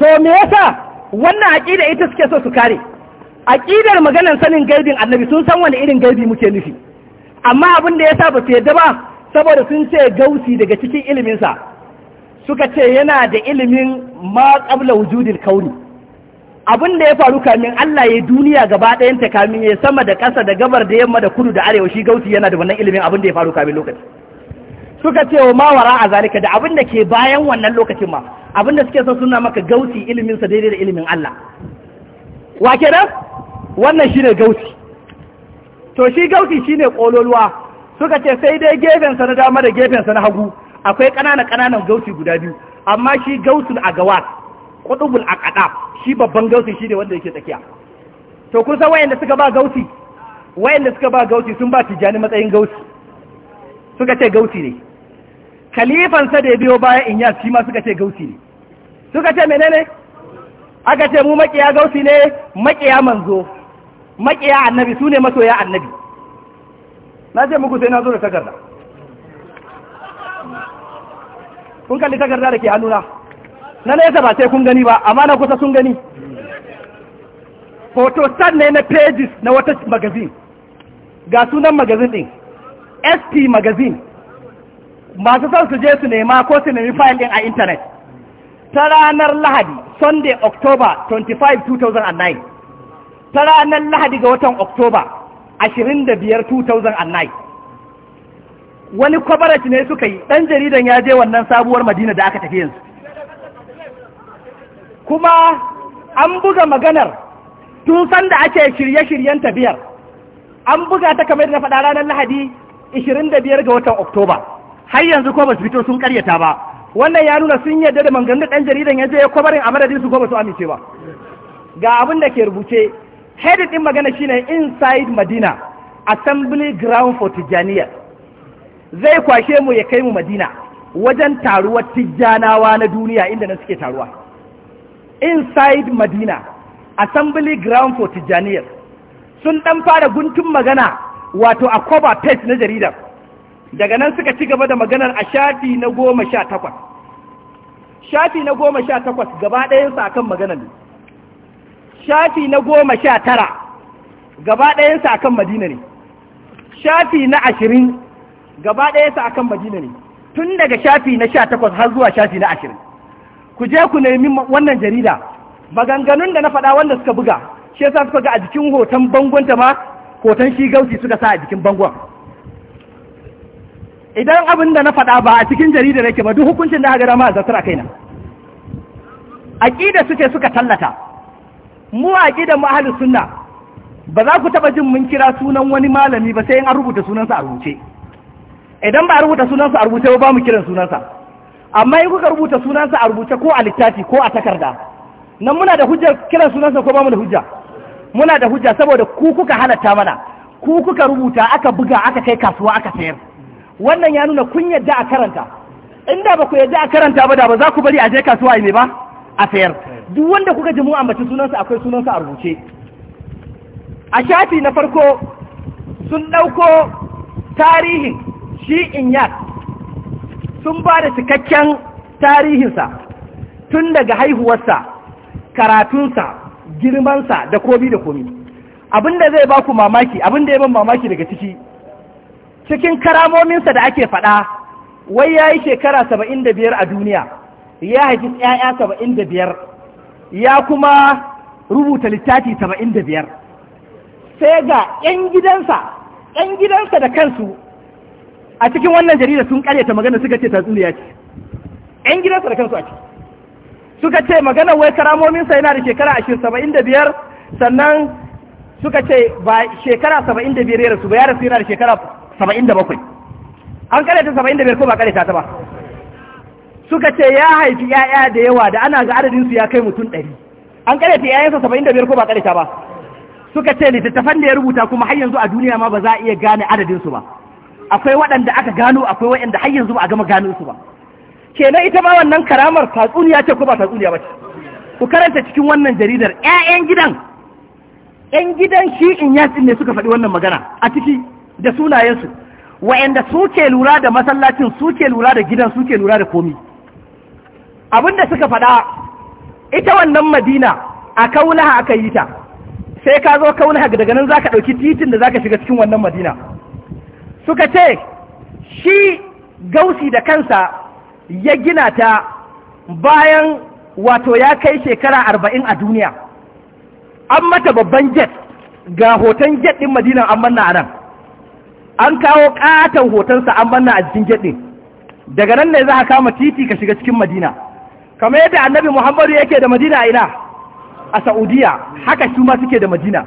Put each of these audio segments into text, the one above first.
to me yasa wannan aqida ita suke so su kare aqidar maganar sanin gaibin annabi sun san wani irin gaibi muke nufi amma abin da yasa ba su yadda ba saboda sun ce gausi daga cikin ilimin sa suka ce yana da ilimin ma qabla wujudil kauni abin da ya faru kamin Allah ya duniya gaba ɗayan ta kamin ya sama da ƙasa da gabar da yamma da kudu da arewa shi gausi yana da wannan ilimin abin da ya faru kamin lokaci suka ce wa mawara a zalika da abin da ke bayan wannan lokacin ma abinda suke son suna maka gauti ilimin sa daidai da ilimin Allah wa kenan wannan shine gauti. to shi gauti shine kololuwa suka ce sai dai gefen sa na dama da gefen sa na hagu akwai ƙananan ƙananan gauti guda biyu amma shi gausul agawat a aqada shi babban gauti shine wanda yake tsakiya to kun san wayanda suka ba gauti, wayanda suka ba gauti sun ba tijani matsayin gauti, suka ce gauti ne khalifansa da ya biyo baya inyas shi ma suka ce gauti ne suka ce menene aka ce mu makiya gausi ne makiya manzo makiya annabi su ne masoya annabi na ce muku sai na zo da takarda kun kalli takarda da ke hannuna na nesa ba sai kun gani ba amma na kusa sun gani hoto san ne na pages na wata magazin ga sunan magazin din sp magazin masu son su je su nema ko su nemi fayil din a intanet ta ranar lahadi sunday october 25 2009 ta ranar lahadi ga watan october 25 2009 wani kwabarat ne suka yi ɗan jaridan ya je wannan sabuwar madina da aka tafi yanzu kuma an buga maganar tun sanda ake shirye-shiryen tafiyar an buga ta kamar na faɗa ranar lahadi 25 ga watan October. har yanzu ko su fito sun karyata ba wannan ya nuna sun yadda da mangandu ɗan jaridan ya je ya kwabarin a madadin su ko ba su amince ba ga abin da ke rubuce heading din magana shine inside madina assembly ground for tijjaniya zai kwashe mu ya kai mu madina wajen taruwar tijjanawa na duniya inda na suke taruwa inside madina assembly ground for sun ɗan fara guntun magana wato a cover page na jaridar daga nan suka ci gaba da maganar a shafi na goma sha takwas shafi na goma sha takwas gaba ɗayansa akan magana ne shafi na goma sha tara gaba ɗayansa akan madina ne shafi na ashirin gaba ɗayansa akan madina ne tun daga shafi na sha takwas har zuwa shafi na ashirin ku je ku nemi wannan jarida maganganun da na faɗa wanda suka buga shi yasa suka ga a jikin hoton bangon ta ma hoton shi gauti suka sa a jikin bangon idan abin da na faɗa ba a cikin jaridar yake ba duk hukuncin da hagara ma a zartar a kaina aƙida suke suka tallata mu aƙida mu ahalus sunna ba za ku taɓa jin mun kira sunan wani malami ba sai in an rubuta sunansa a rubuce idan ba a rubuta sunansa a rubuce ba mu kiran sunansa amma in kuka rubuta sunansa a rubuce ko a littafi ko a takarda nan muna da hujjar kiran sunansa ko ba mu da hujja muna da hujja saboda ku kuka halatta mana ku kuka rubuta aka buga aka kai kasuwa aka sayar wannan ya nuna kun yadda a karanta inda ba ku yadda a karanta ba da ba za ku bari a je kasuwa ne ba a sayar duk wanda kuka ji mu ambaci sunansa akwai sunansa a rubuce a shafi na farko sun ɗauko tarihin shi inyat sun ba da cikakken tarihinsa tun daga haihuwarsa karatunsa girmansa da komi da komi abinda zai ba ku mamaki abinda ya ban mamaki daga ciki cikin karamominsa da ake faɗa wai ya yi shekara saba'in da biyar a duniya ya haifi ‘ya'ya saba'in da biyar ya kuma rubuta littafi saba'in da biyar sai ga ‘yan gidansa ‘yan gidansa da kansu a cikin wannan jarida sun karyata magana suka ce tatsuniya ce ‘yan gidansa da kansu a ce. suka ce magana wai karamominsa yana da shekara ashirin saba'in da biyar sannan suka ce ba shekara saba'in da biyar ya rasu ba ya rasu yana da shekara saba'in da bakwai an ta saba'in da biyar ko ba kare ta ba suka ce ya haifi ya'ya da yawa da ana ga adadinsu ya kai mutum ɗari an ta ya'yansa saba'in da biyar ko ba ta ba suka ce littattafan da ya rubuta kuma har yanzu a duniya ma ba za a iya gane adadinsu ba akwai waɗanda aka gano akwai waɗanda har yanzu ba a gama gano su ba kenan ita ma wannan karamar tatsuniya ce ko ba tatsuniya ba ce ku karanta cikin wannan jaridar 'ya'yan gidan 'yan gidan shi in yatsin ne suka faɗi wannan magana a ciki da sunayensu wa'anda suke lura da masallacin suke lura da gidan suke lura da komi abinda suka faɗa ita wannan madina a kaunaha aka yi ta sai ka zo kaunaha daga nan zaka ɗauki titin da zaka shiga cikin wannan madina suka ce shi gausi da kansa ya gina ta bayan wato ya kai shekara arba'in a duniya an mata babban jet ga hoton jet ɗin madina an manna a nan an kawo katon hotonsa an banna a jikin gyaɗe daga nan ne za a kama titi ka shiga cikin madina kamar yadda annabi muhammadu yake da madina ina a Saudiyya haka su ma suke da madina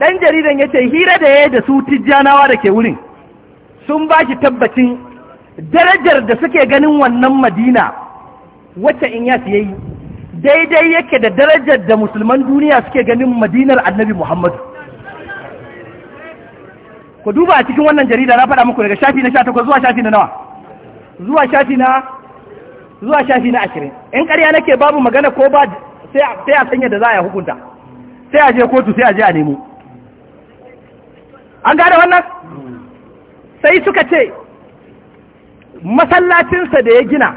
ɗan jaridan ya ce hira da ya da su tijjanawa da ke wurin sun ba shi tabbacin darajar da suke ganin wannan madina wacce in ya yi daidai yake da darajar da musulman duniya suke ganin madinar annabi muhammadu ku duba a cikin wannan jarida na faɗa muku daga shafi na takwas zuwa shafi na nawa zuwa shafi na zuwa shafi na ashirin in ƙarya nake babu magana ko ba sai a sanya da za a hukunta sai a je kotu sai a je a nemo an gane wannan sai suka ce masallacinsa da ya gina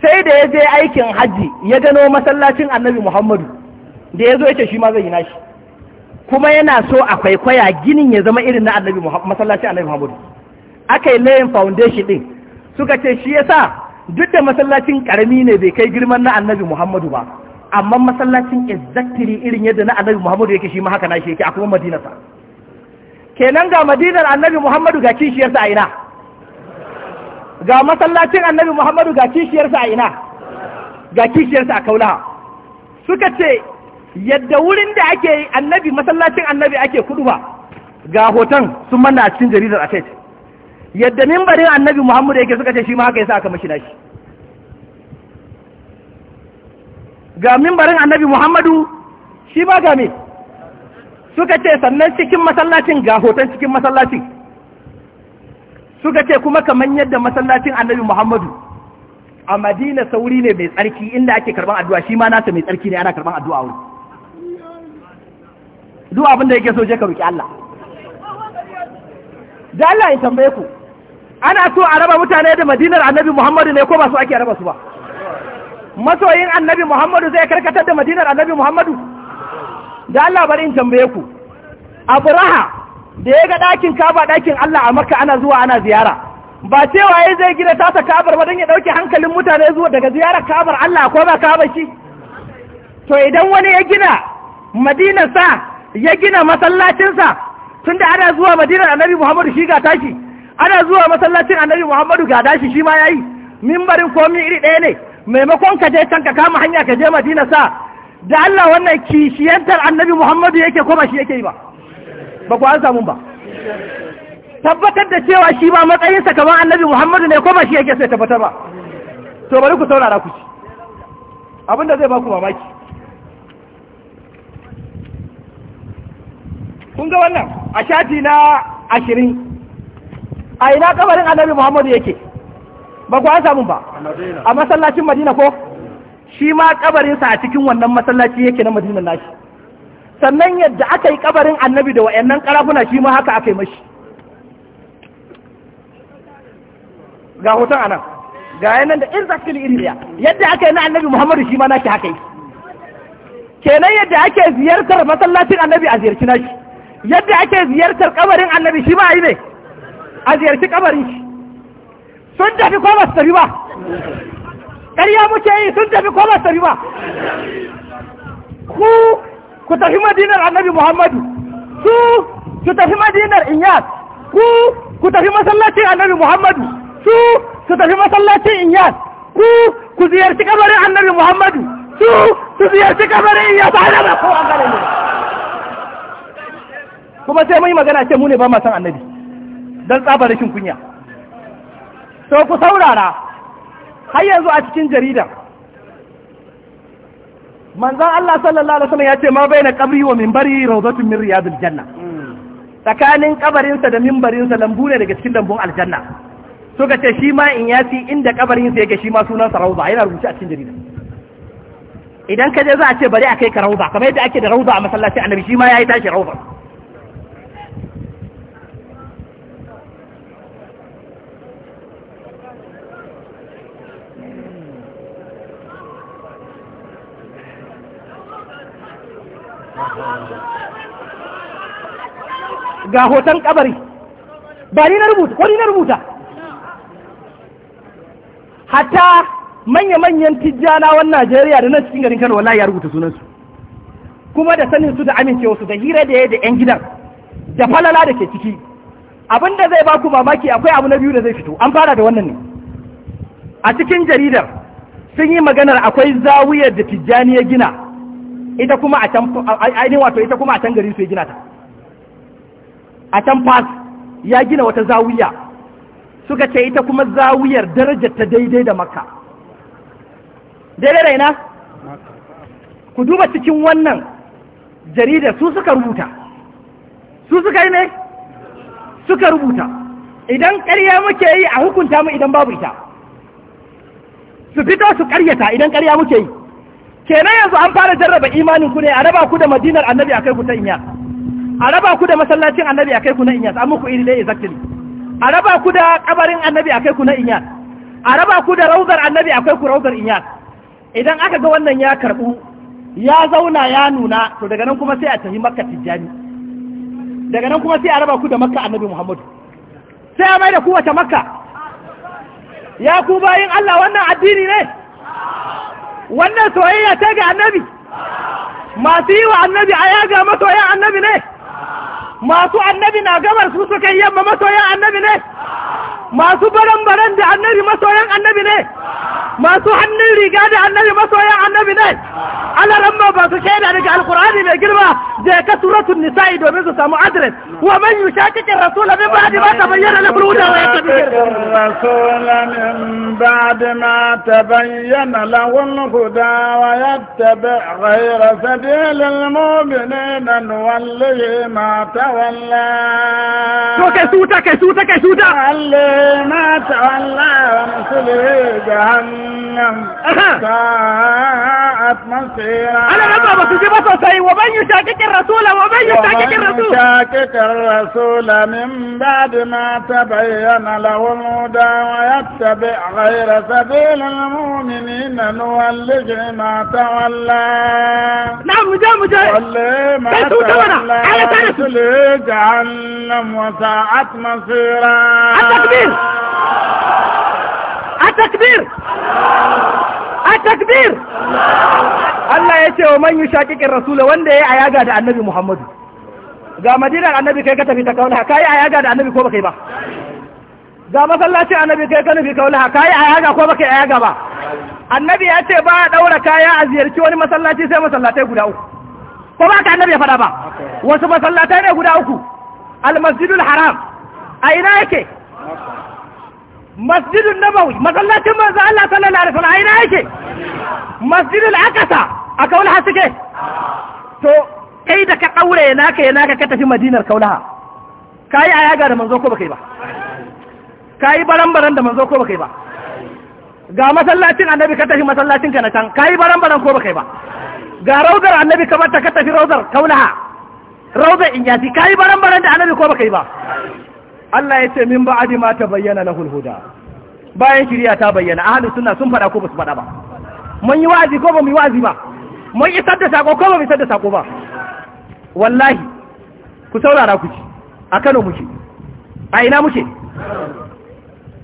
sai da ya je aikin hajji ya gano masallacin annabi muhammadu da ya zo ya ce shi ma zai yi nashi kuma yana so a kwaikwaya ginin ya zama irin na annabi masallaci annabi muhammadu aka yi layin foundation din suka ce shi yasa duk da masallacin karami ne bai kai girman na annabi muhammadu ba amma masallacin exactly irin yadda na annabi muhammadu yake shi ma haka na shi yake a kuma madinarsa kenan ga madinar annabi muhammadu ga kishiyarsa a ina ga masallacin annabi muhammadu ga kishiyarsa a ina ga kishiyarsa a kaulaha suka ce yadda wurin da ake annabi masallacin annabi ake kudu ba ga hoton sun manna a cikin jaridar a kai yadda mimbarin annabi muhammadu yake suka ce shi ma haka yasa aka mashi nashi ga mimbarin annabi muhammadu shi ma ga me suka ce sannan cikin masallacin ga hoton cikin masallacin suka ce kuma kamar yadda masallacin annabi muhammadu a madina sauri ne mai tsarki inda ake karban addu'a shi ma nasa mai tsarki ne ana karban addu'a wuri duk abin da yake so je ka roki Allah da Allah ya tambaye ku ana so a raba mutane da madinar annabi Muhammadu ne ko ba su ake raba su ba masoyin annabi Muhammadu zai karkatar da madinar annabi Muhammadu da Allah bari in tambaye ku Abraha da ya ga ɗakin kaba ɗakin Allah a Makka ana zuwa ana ziyara ba cewa ya zai gina tasa kabar ba don ya ɗauke hankalin mutane zuwa daga ziyarar kabar Allah ko ba kabar shi to idan wani ya gina madinarsa ya gina masallacinsa tun da ana zuwa madinar annabi muhammadu shi ga tashi ana zuwa masallacin annabi muhammadu ga dashi shi ma ya yi mimbarin komi iri ɗaya ne maimakon ka je can ka kama hanya ka je madina sa da allah wannan kishiyantar annabi muhammadu yake koma shi yake yi ba ba ku an samu ba tabbatar da cewa shi ba matsayinsa kamar annabi muhammadu ne koma shi yake sai tabbatar ba to bari ku saurara ku ci abinda zai ba ku mamaki kun ga wannan a shafi na ashirin a ina kabarin annabi muhammadu yake ba ku an samu ba a masallacin madina ko shi ma kabarinsa a cikin wannan masallaci yake na madina nashi sannan yadda aka yi kabarin annabi da wa'annan karafuna shi ma haka aka yi mashi ga hoton anan ga yanan da exactly iri daya yadda aka yi na annabi muhammadu shi ma nashi haka yi kenan yadda ake ziyartar masallacin annabi a ziyarci nashi yadda ake ziyartar kabarin annabi shi ba yi ne a ziyarci kabarin shi sun tafi ko ba su tafi ba ƙarya muke yi sun tafi ko ba su tafi ba ku ku tafi madinar annabi muhammadu su su tafi madinar inyas ku ku tafi masallacin annabi muhammadu su su tafi masallacin inyas ku ku ziyarci kabarin annabi muhammadu su su ziyarci kabarin inyas a da ko an gare ne kuma sai mun yi magana ce mu ne ba ma san annabi don tsaba rashin kunya to ku saurara har yanzu a cikin jarida manzan Allah sallallahu alaihi wasallam ya ce ma baina qabri wa minbari rawdatun min riyadil janna tsakanin sa da sa lambu ne daga cikin lambun aljanna to ce shi ma in yasi inda sa yake shi ma sunan sa rawza yana rubuce a cikin jarida idan ka je za a ce bari a kai ka rawza kamar yadda ake da rawza a masallaci annabi shi ma yayi tashi rawza ga hoton kabari ba ni na rubuta ko ni na rubuta hatta manya-manyan tijjanawan Najeriya da na cikin garin Kano wallahi ya rubuta sunansu kuma da sanin su da amincewa su da hira da ya da 'yan gidan da falala da ke ciki abin da zai ku mamaki akwai abu na biyu da zai fito an fara da wannan ne a cikin jaridar sun yi maganar akwai zawiyar da tijjani ya gina ita kuma a can ainihin wato ita kuma a can garin su ya gina ta a can fas ya gina wata zawiya suka ce ita kuma zawiyar darajar ta daidai da makka daidai raina ku duba cikin wannan jaridar su suka rubuta su suka yi ne suka rubuta idan ƙarya muke yi a hukunta mu idan babu ita su fito su ƙaryata idan ƙarya muke yi kenan yanzu an fara jarraba imanin ku ne a raba ku da madinar annabi akai ku ta inya a raba ku da masallacin annabi akai ku na inya amma ku iri dai zakiri a raba ku da kabarin annabi akai ku na inya a raba ku da rauzar annabi akai ku rauzar inya idan aka ga wannan ya karbu ya zauna ya nuna to daga nan kuma sai a tafi makka tijjani daga nan kuma sai a raba ku da makka annabi muhammadu sai a mai da ku wata makka ya ku bayin allah wannan addini ne wannan soyayya ta ga annabi masu yi wa annabi a yaga masoyan annabi ne masu annabi na gabar su suka yi yamma masoyan annabi ne masu baran-baran da annabi masoyan annabi ne masu hannun riga da annabi masoyan annabi ne alaran ma ba su shaida daga alkur'ani mai girma da ka suratul nisa'i domin su samu adres wa man yushaqiqir rasul min ba'di ma tabayyana lahu al-huda wa yattabi' rasul min ba'di ma tabayyana lahu al-huda wa yattabi' ghayra sabil al-mu'minin nuwallihi ma tawalla to kai suta kai suta kai suta Allah ما تولى ومثله جهنم جهنم ساءت مصيرا أنا نبقى بس دي بصصي ومن يشاكك الرسول ومن يشاكك الرسول ومن يشاكك الرسول من بعد ما تبين له الهدى ويتبع غير سبيل المؤمنين نولج ما تولى نعم مجاه مجاه ولي ما تولى رسل جهنم وساءت مصيرا التكبير التكبير التكبير الله يتي ومن يشاكك الرسول وان ده يا ياغا ده النبي محمد ga madinar annabi kai ka tafi ta kaulaha yi a yaga da annabi ko baka yi ba ga masallaci annabi kai ka nufi kaulaha yi a yaga ko baka yi a yaga ba annabi ya ce ba a daura kaya a ziyarci wani masallaci sai masallatai guda uku ko ba ka annabi ya faɗa ba wasu masallatai ne guda uku al haram a ina yake masjidun nabawi masallacin manzo Allah sallallahu alaihi wasallam ina yake masjidul aqsa a kaulaha suke to kai da ka daure naka yana ka tafi madinar kaulaha kai ayaga da manzo ko baka yi ba kai baran-baran da manzo ko baka yi ba ga masallacin annabi ka tafi masallacin ka na can kai baran-baran ko baka yi ba ga raudar annabi kamar ta ka tafi raudar kaulaha raudar inyasi kai baran-baran da annabi ko baka yi ba Allah ya ce min ba'adi ma ta bayyana lahul huda bayan shiriya ta bayyana ahli sunna sun faɗa ko ba su faɗa ba mun yi wa'azi ko ba mu yi wa'azi ba mun isar da sako ko ba mu isar da sako ba wallahi ku saurara ku ci a Kano muke a ina muke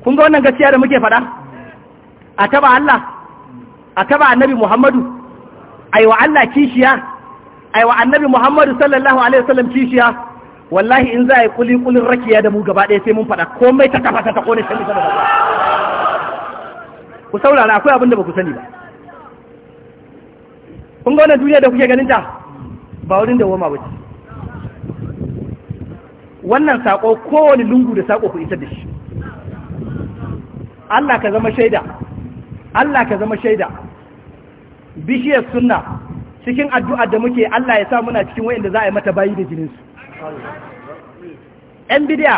kun ga wannan gaskiya da muke faɗa a taba Allah a taba annabi Muhammadu aiwa Allah kishiya aiwa annabi Muhammadu sallallahu alaihi wasallam kishiya wallahi in za a yi kuli kulin rakiya da mu gaba ɗaya sai mun faɗa komai ta kafa ta kone sai mu sanar da ku saurara akwai abin da ba ku sani ba kun ga wannan duniya da kuke ganin ta ba wurin da woma wuce wannan sako kowane lungu da sako ku isar da shi Allah ka zama shaida Allah ka zama shaida bishiyar sunna cikin addu'ar da muke Allah ya sa muna cikin wayanda za a yi mata bayi da jininsu 'yan bidiya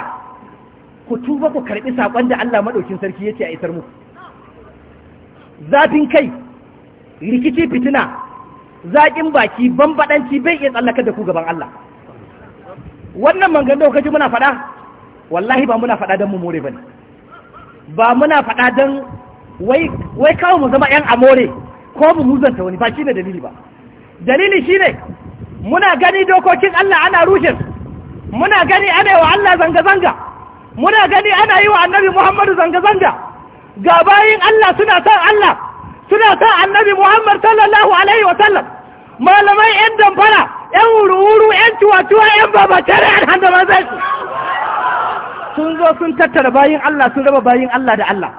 ku tuba ku karɓi saƙon da Allah maɗaukin sarki ya ce a isar muku zafin kai rikici fitina zaƙin baki bambaɗanci bai iya tsallakar da ku gaban Allah wannan mangando kaji muna faɗa wallahi ba muna faɗa don mu more ba ne? ba muna faɗa don wai kawo mu zama yan amore ko mu muzanta wani ba shi ne dalili ba dalili shi ne muna gani dokokin Allah ana rushe su muna gani ana yi wa Allah zanga-zanga muna gani ana yi wa annabi Muhammadu zanga-zanga ga bayin Allah suna san Allah suna san annabi Muhammad sallallahu alaihi wa sallam malamai yan damfara yan wuru-wuru yan ciwa-ciwa yan babatare an handa manzan sun zo sun tattara bayin Allah sun raba bayin Allah da Allah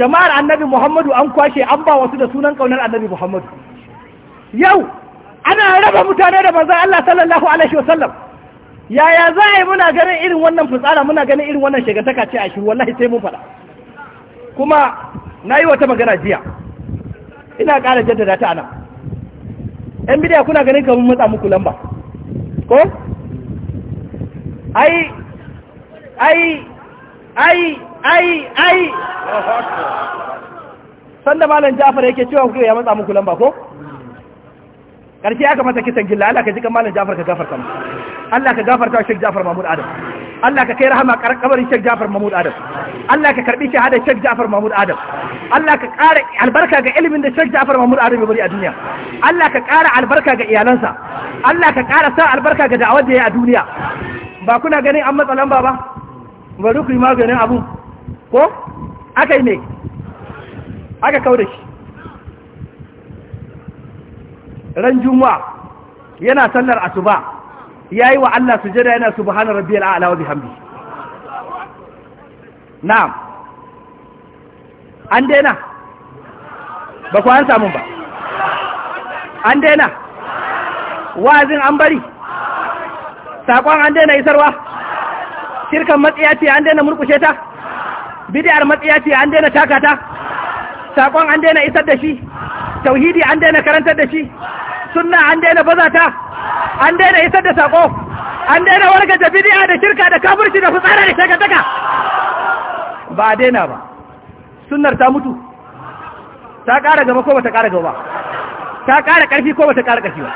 jama'ar annabi Muhammadu an kwashe an ba wasu da sunan kaunar annabi Muhammadu yau ana raba mutane da manzan Allah sallallahu alaihi wa sallam yaya za a yi muna ganin irin wannan fitsara muna ganin irin wannan shagataka ce a shiru wallahi sai mun faɗa kuma na yi wata magana jiya ina ƙara jaddada ta nan yan bidiya kuna ganin kamar matsa muku lamba ko ai ai ai ai ai sanda malam jafar yake cewa kuke ya matsa muku lamba ko karshe aka masa kisan gilla Allah ka ji kamalin Jafar ka gafarta mu Allah ka gafarta Sheikh Jafar Mahmud Adam Allah ka kai rahama kabarin Sheikh Jafar Mahmud Adam Allah ka karbi shahada Sheikh Jafar Mahmud Adam Allah ka ƙara albarka ga ilimin da Sheikh Jafar Mahmud Adam ya bari a duniya Allah ka ƙara albarka ga iyalansa Allah ka ƙara sa albarka ga da'awar da ya a duniya ba kuna ganin an matsa lamba ba bari ku yi maganin abu ko aka yi ne aka kaure shi ran juma'a yana sallar asuba yayi wa Allah sujada yana subhana rabbiyal a'la wa bihamdi na'am an daina ba ku an samu ba an daina wazin an bari sakon an daina isarwa shirkan matsiya ce an daina murkushe ta bid'ar matsiya ce an daina takata sakon an daina isar da shi tauhidi an daina karantar da shi sunna an daina bazata, an daina isar da sako an daina warga da bidiya da shirka da kafirci da fitsara da shakataka ba a daina ba sunnar ta mutu ta ƙara gaba ko bata ƙara gaba ta ƙara ƙarfi ko bata ƙara ƙarfi ba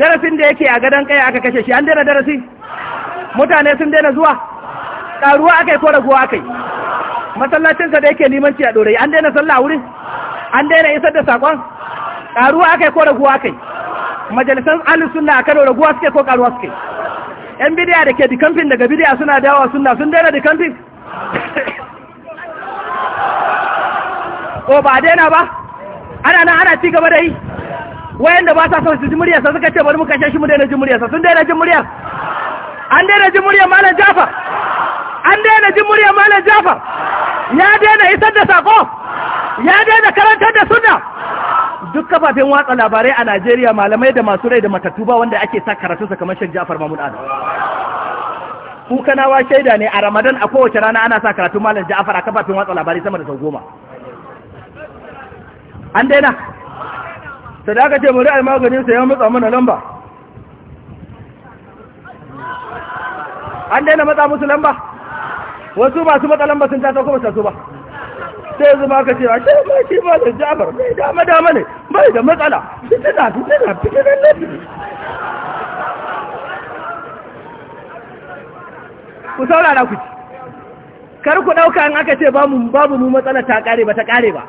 darasin da yake a gadon kai aka kashe shi an daina darasi mutane sun daina zuwa karuwa aka yi ko raguwa aka yi masallacinsa da yake limanci a ɗorayi an daina sallah a wurin an daina isar da saƙon ƙaruwa aka yi ko raguwa aka yi majalisar alisunna a kano raguwa suke ko ƙaruwa suke yan bidiya da ke dikamfin daga bidiya suna dawa suna sun daina dikamfin O oh, ba daina ba ana nan ana ci gaba da yi wayanda ba sa son su ji muryarsa suka ce bari kashe shi mu daina ji muryarsa sun daina ji muryar an daina ji muryar malam jafar an daina ji muryar malam jafar ya daina isar da sako ya daina karantar da sunna duk kafafen watsa labarai a Najeriya malamai da masu rai da matattu ba wanda ake sa karatu sa kamar Sheikh Ja'far Mahmud Adam ku shaida ne a Ramadan a kowace rana ana sa karatu malam Ja'far a kafafen watsa labarai sama da sau goma an daina sadaka ce muri almaganin sa ya mutsa mana lamba an daina matsa musu lamba wasu masu matsa lamba sun ta sauko ba su ba sai yanzu ma ka ce a shirin ba shi ba da jabar mai dama dama ne bai da matsala fitina fitina fitinan lafi ku saurara ku ci kar ku ɗauka in aka ce babu mu matsala ta ƙare ba ta ƙare ba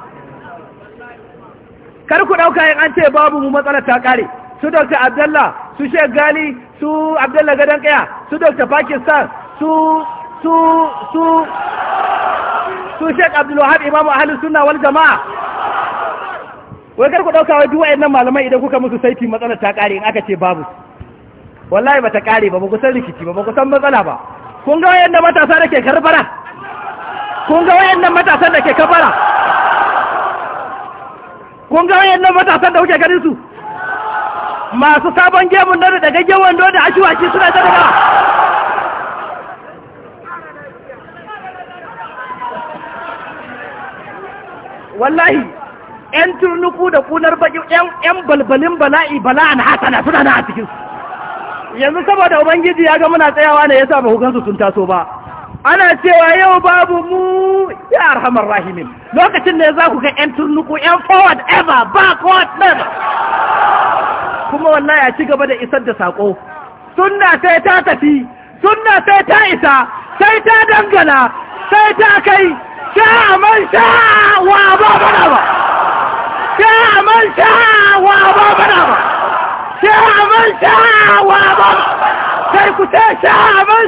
kar ku ɗauka in an ce babu mu matsala ta ƙare su dr abdalla su sheikh gali su abdalla gadon kaya su dr pakistan su su su su Sheikh Abdul Wahab Imam Ahlus Sunnah wal Jama'a wai kar ku dauka wai duk wayannan malamai idan kuka musu saiti matsalar ta kare in aka ce babu wallahi bata kare ba ba ku san rikici ba ba ku san matsala ba kun ga wayannan matasa da ke karbara kun ga wayannan matasan da ke kafara kun ga wayannan matasan da kuke ganin su masu sabon gemun da da gaggen don da ashiwaci suna ta daga wallahi yan turnuku da kunar baƙi yan balbalin bala'i bala'an hasana suna na a cikin yanzu saboda ubangiji ya ga muna tsayawa ne yasa ba hukansu sun taso ba ana cewa yau babu mu ya arhamar rahimin lokacin da za ku ga yan turnuku yan forward ever backward never kuma wallahi ya ci gaba da isar da saƙo. sunna sai ta tafi sunna sai ta isa sai ta dangana sai ta kai شاء من شاء وأبى sai ku ce man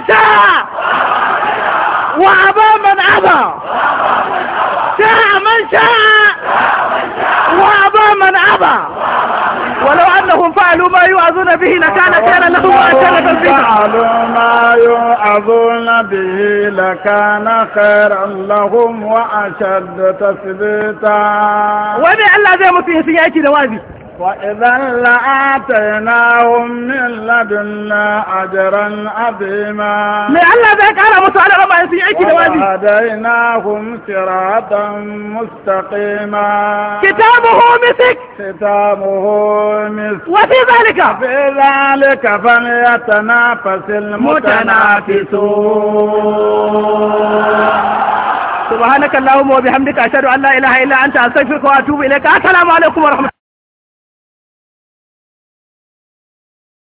wa aba man wa aba ولو أنهم فعلوا ما يؤذون به لكان خيرا لهم وأشد تثبيتا فعلوا ما يؤذون به لكان خيرا لهم وأشد تثبيتا ومن الله زي مسيح سيأتي لوازي وإذا لآتيناهم من لدنا أجرا عظيما من ذلك أنا مسألة ربا يسي عيكي دوازي وهديناهم صراطا مستقيما كتابه مسك كتابه مسك وفي ذلك في ذلك فليتنافس المتنافسون سبحانك اللهم وبحمدك أشهد أن لا إله إلا أنت أستغفرك وأتوب إليك السلام عليكم ورحمة الله